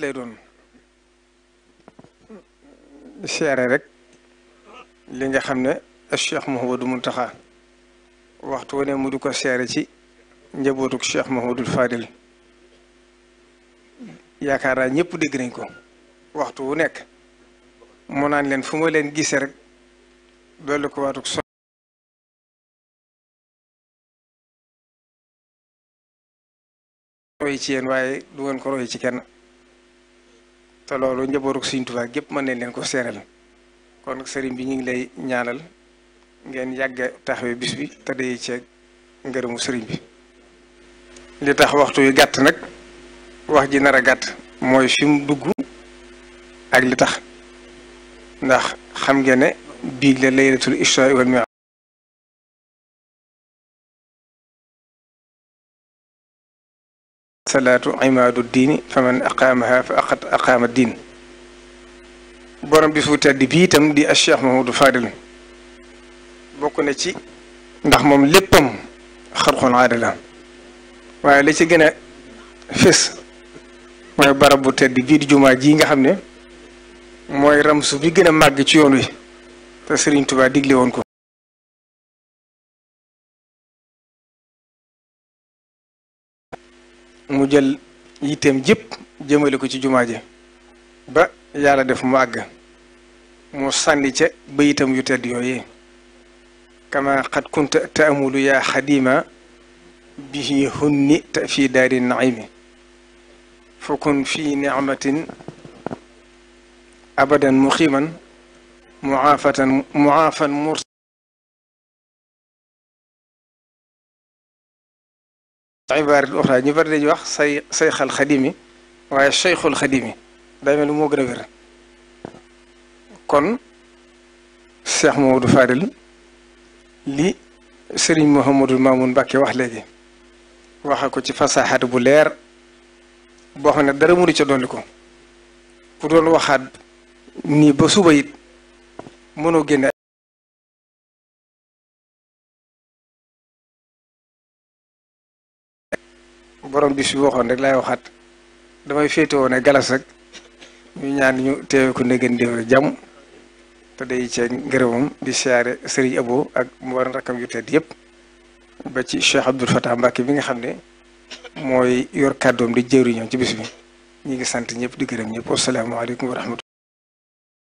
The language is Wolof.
lay doon seere rek li nga xam ne Cheikh Mouhamadou Mountakha waxtu wu mu di ko seere ci njabootuk Cheikh Mouhamadoul Fadil yaakaar naa ñëpp dégg nañ ko waxtu wu nekk mu naan leen fu ma leen gisee rek dolli ko waatuk so roy ci yéen waaye du ngeen ko roy ci kenn te loolu njabootu Sëriñ Tuubaa gépp mën nañ leen ko seeral kon sëriñ bi ñu ngi lay ñaanal ngeen yàgga taxawee bis bi te day ceeg ngërëmu sëriñ bi li tax waxtu yu gàtt nag wax ji nar a gàtt mooy fi mu dugg ak li tax ndax xam ngeen ne biig la laylatul israa wal salaatu imaadu diini fa man aqaamaha fa diin borom bi bu tedd bii itam di Cheikh Mahamadou Fadil bokk na ci ndax moom léppam xarxoon aada waaye la ci gën a fés mooy barab bu tedd bii di jumaa ji nga xam ne mooy ramsu bi gën a màgg ci yoon wi te Serigne tubaa digle woon ko mu jël yitteem jëpp jëmale ko ci jumaa ji ba yàlla def mu àgg mu sànni ca bayitam yu tedd yooyee kama xad kunta taamulu yaa xadima bihi hunni ta fi daari naimi fa kun fi nicmatin abadan muqiman muaafatan muaafan murs ibarat uxra ñu bari dañuy wax say sayxal xadimi waaye seyxul xadimi day mel moo gën a wér kon Cheikh Mamadou Fadil li Serigne Mouhamadou Mamoun Mbacké wax léegi waxe ko ci fasaxaat bu leer boo xam ne dara mënu ca dolli ko ku doon waxaat nii ba suba it mënoo génne borom bis bi waxoon rek laay waxaat damay féetewoo ne galas rek ñu ñaan ñu teewe ko ndegeen déwén jàmm te day cee ngërëmam di siyaare Serigne Abo ak mboolem rakkam yu tedd yëpp ba ci Cheikh Abdoul Fatah Mbacke bi nga xam ne mooy yor kàddoom di jëwriñam ci bis bi ñu ngi sant ñëpp di gërëm ñëpp asalaamaaleykum wa rahmatulah.